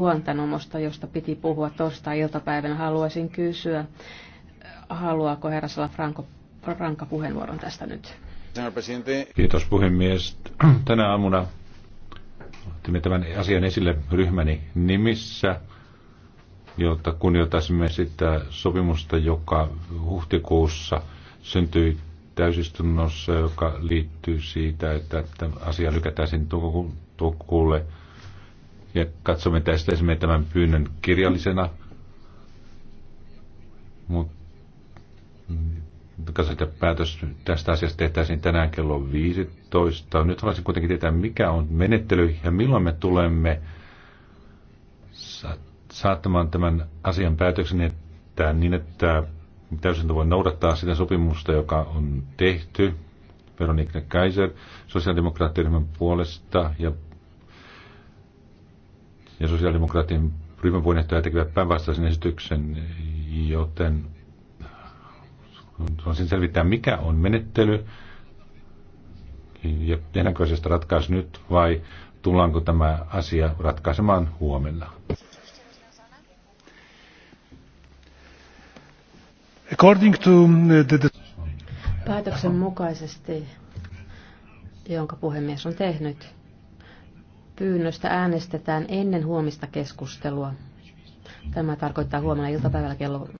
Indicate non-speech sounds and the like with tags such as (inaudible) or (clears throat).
Guantanamosta, josta piti puhua torstai-iltapäivänä. Haluaisin kysyä, haluaako herra Sala Franco, Franka puheenvuoron tästä nyt? Kiitos puhemies. (clears throat) Tänä aamuna otimme tämän asian esille ryhmäni nimissä, jotta kunnioitaisimme sitä sopimusta, joka huhtikuussa syntyi täysistunnossa, joka liittyy siitä, että asia lykätäisiin toukokuulle. Tuku- ja katsomme tästä esimerkiksi tämän pyynnön kirjallisena. Mutta että päätös tästä asiasta tehtäisiin tänään kello 15. Nyt haluaisin kuitenkin tietää, mikä on menettely ja milloin me tulemme saattamaan tämän asian päätöksen että niin, että täysin voi noudattaa sitä sopimusta, joka on tehty. Veronika Kaiser sosiaalidemokraattiryhmän puolesta ja ja sosiaalidemokraatin ryhmäpuheenjohtaja tekevät päinvastaisen esityksen, joten voisin selvittää, mikä on menettely ja tehdäänkö asiasta ratkaisu nyt vai tullaanko tämä asia ratkaisemaan huomenna. According to the... Päätöksen mukaisesti, jonka puhemies on tehnyt, pyynnöstä äänestetään ennen huomista keskustelua. Tämä tarkoittaa huomenna iltapäivällä kello